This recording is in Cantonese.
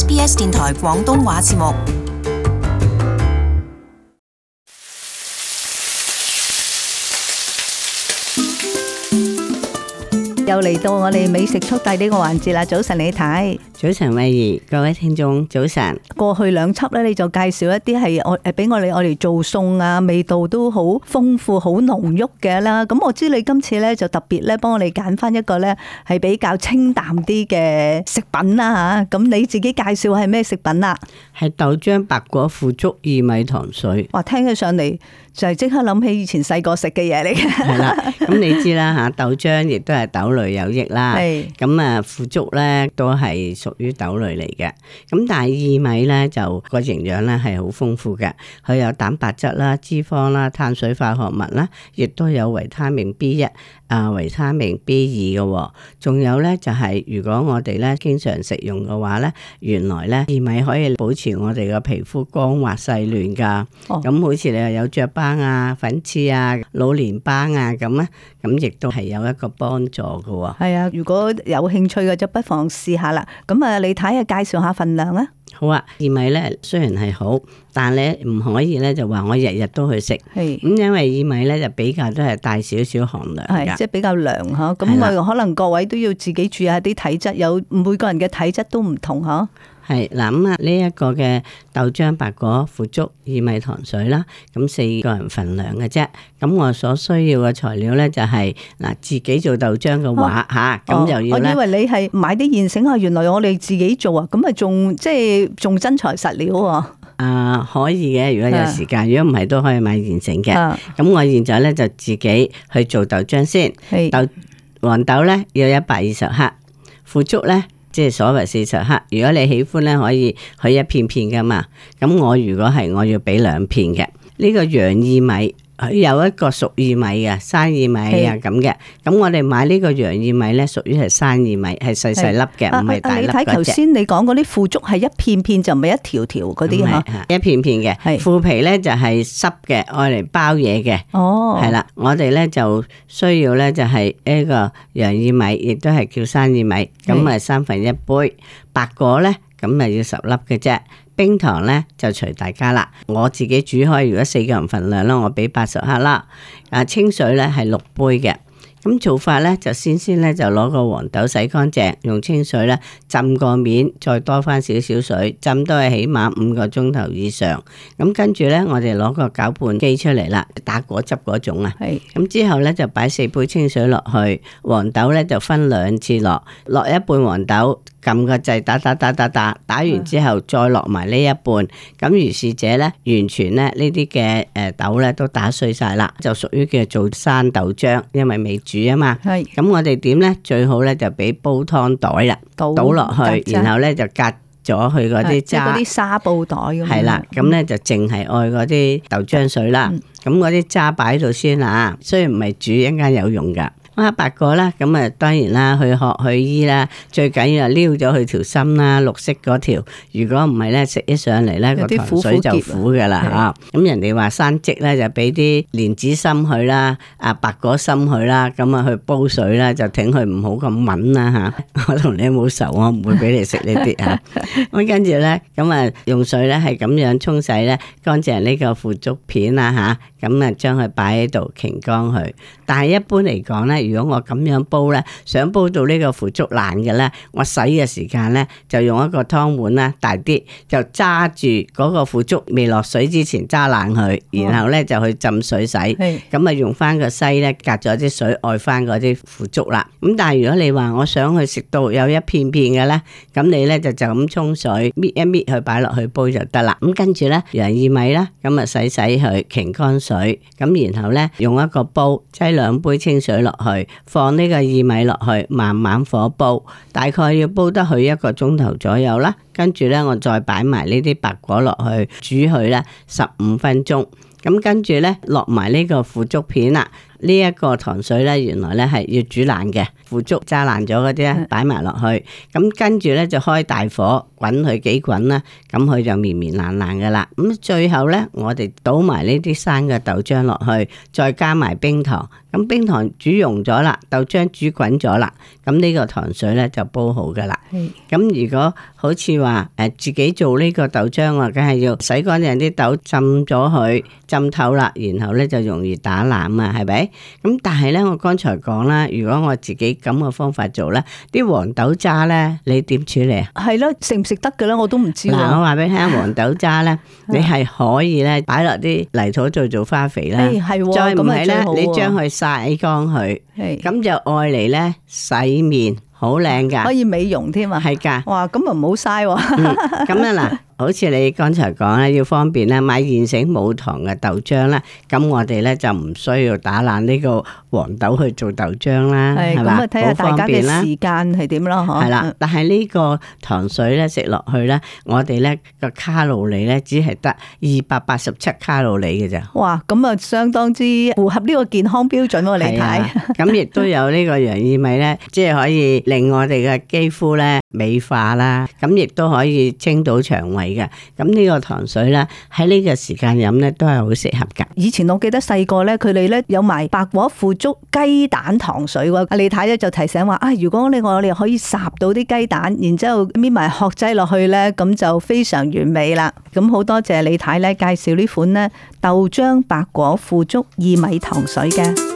SBS 電台廣東話節目，又嚟到我哋美食速遞呢個環節啦！早晨你，你睇。早晨，慧怡，各位聽眾，早晨。過去兩輯咧，你就介紹一啲係我誒，俾我哋我哋做餸啊，味道都好豐富，好濃郁嘅啦。咁我知你今次咧就特別咧，幫我哋揀翻一個咧係比較清淡啲嘅食品啦吓。咁你自己介紹係咩食品啊？係豆漿、白果、腐竹、薏米糖水。哇，聽起上嚟就係即刻諗起以前細個食嘅嘢嚟嘅。係啦，咁你知啦吓，豆漿亦都係豆類有益啦。係。咁啊，腐竹咧都係。屬於豆類嚟嘅，咁但係薏米咧就個營養咧係好豐富嘅，佢有蛋白質啦、脂肪啦、碳水化合物啦，亦都有維他命 B 一啊、維他命 B 二嘅、哦，仲有咧就係、是、如果我哋咧經常食用嘅話咧，原來咧薏米可以保持我哋嘅皮膚光滑細嫩噶，咁、哦、好似你又有雀斑啊、粉刺啊、老年斑啊咁咧，咁亦都係有一個幫助嘅。係啊，如果有興趣嘅就不妨試下啦。咁啊，你睇下介紹下份量啦。好啊，薏米咧雖然係好，但咧唔可以咧就話我日日都去食。係咁是，因為薏米咧就比較都係帶少少寒涼噶，即係比較涼嗬。咁的我可能各位都要自己注意下啲體質，有每個人嘅體質都唔同嗬。係嗱，啊呢一個嘅豆漿、白果、腐竹、薏米糖水啦，咁四個人份量嘅啫。咁我所需要嘅材料咧就係、是、嗱，自己做豆漿嘅話吓，咁又、啊、要咧、哦。我以為你係買啲現成啊，原來我哋自己做啊，咁啊仲即係仲真材實料喎、啊啊。可以嘅，如果有時間，的如果唔係都可以買現成嘅。咁的我現在咧就自己去做豆漿先。豆的黃豆咧要一百二十克，腐竹咧即係所謂四十克，如果你喜歡咧，可以去一片片㗎嘛。咁我如果係我要俾兩片嘅，呢、這個洋薏米。有一個熟薏米啊，生薏米啊咁嘅。咁我哋買呢個洋薏米咧，屬於係生薏米，係細細粒嘅，唔係大粒嗰隻。你睇頭先你講嗰啲腐竹係一片片，就唔係一條條嗰啲吓。一片片嘅，腐皮咧就係濕嘅，愛嚟包嘢嘅。哦，係啦，我哋咧就需要咧就係呢個洋薏米，亦都係叫生薏米。咁啊，三分一杯，白果咧，咁啊要十粒嘅啫。冰糖咧就隨大家啦，我自己煮開，如果四個人份量啦，我俾八十克啦。啊，清水咧係六杯嘅。咁做法咧就先先咧就攞個黃豆洗乾淨，用清水咧浸個面，再多翻少少水，浸都係起碼五個鐘頭以上。咁跟住咧，我哋攞個攪拌機出嚟啦，打果汁嗰種啊。係是。咁之後咧就擺四杯清水落去，黃豆咧就分兩次落，落一半黃豆。撳個掣打打打打打，打，打，打完之後再落埋呢一半，咁如是者呢，完全咧呢啲嘅誒豆呢都打碎晒啦，就屬於叫做生豆漿，因為未煮啊嘛。係是。咁我哋點呢？最好呢就俾煲湯袋啦，倒落去，著然後呢就隔咗去嗰啲渣。嗰啲紗布袋咁。係啦，咁呢就淨係愛嗰啲豆漿水、嗯、那那啦。咁嗰啲渣擺喺度先啊，雖然唔係煮一陣有用㗎。乜白果啦，咁啊當然啦，去學去醫啦，最緊要係撩咗佢條心啦，綠色嗰條。如果唔係咧，食起上嚟咧，個糖水就苦嘅啦嚇。咁人哋話生積咧，就俾啲蓮子心佢啦，啊白果心佢啦，咁啊去煲水啦，就挺佢唔好咁敏啦嚇。我同你冇仇，我唔會俾你食呢啲嚇。咁跟住咧，咁啊用水咧係咁樣沖洗咧，乾淨呢個腐竹片啦嚇，咁啊將佢擺喺度擎乾佢。但係一般嚟講咧。如果我咁樣煲呢，想煲到呢個腐竹爛嘅呢，我洗嘅時間呢，就用一個湯碗啦，大啲，就揸住嗰個腐竹未落水之前揸爛佢，然後呢，就去浸水洗，咁啊、哦、用翻個篩呢，隔咗啲水，愛翻嗰啲腐竹啦。咁但係如果你話我想去食到有一片片嘅呢，咁你呢，就就咁沖水搣一搣佢擺落去煲就得啦。咁跟住呢，洋薏米啦，咁啊洗洗佢，擎乾水，咁然後呢，用一個煲，擠兩杯清水落去。放呢個薏米落去，慢慢火煲，大概要煲得佢一個鐘頭左右啦。跟住咧，我再擺埋呢啲白果落去煮佢咧，十五分鐘。咁跟住咧，落埋呢個腐竹片啦。呢一個糖水咧，原來咧係要煮爛嘅，腐竹炸爛咗嗰啲咧擺埋落去。咁跟住咧就開大火。滾佢幾滾啦，咁佢就綿綿爛爛噶啦。咁最後咧，我哋倒埋呢啲生嘅豆漿落去，再加埋冰糖。咁冰糖煮溶咗啦，豆漿煮滾咗啦，咁呢個糖水咧就煲好噶啦。咁如果好似話誒自己做呢個豆漿啊，梗係要洗乾淨啲豆浸咗佢浸透啦，然後咧就容易打爛啊，係咪？咁但係咧，我剛才講啦，如果我自己咁嘅方法做咧，啲黃豆渣咧，你點處理啊？係咯，剩。食得嘅啦，我都唔知。嗱，我話俾你聽，黃豆渣咧，你係可以咧，擺落啲泥土做做花肥啦。係，再唔係咧，你將佢曬乾佢，咁就愛嚟咧洗面，好靚噶，可以美容添啊。係噶，哇，咁啊唔好嘥。咁樣啦。好似你剛才講啦，要方便啦，買現成冇糖嘅豆漿啦，咁我哋咧就唔需要打爛呢個黃豆去做豆漿啦，係嘛的，咁啊吧，睇下大家嘅時間係點咯，嗬。係啦，但係呢個糖水咧食落去咧，我哋咧個卡路里咧只係得二百八十七卡路里嘅啫。哇，咁啊相當之符合呢個健康標準喎，你睇。咁亦都有呢個洋薏米咧， 即係可以令我哋嘅肌膚咧。美化啦，咁亦都可以清到腸胃嘅。咁呢個糖水呢，喺呢個時間飲呢都係好適合噶。以前我記得細個呢，佢哋呢有埋白果腐竹雞蛋糖水喎。阿李太呢就提醒話啊，如果你我哋可以揀到啲雞蛋，然之後搣埋殼劑落去呢，咁就非常完美啦。咁好多謝李太呢介紹呢款呢豆漿白果腐竹薏米糖水嘅。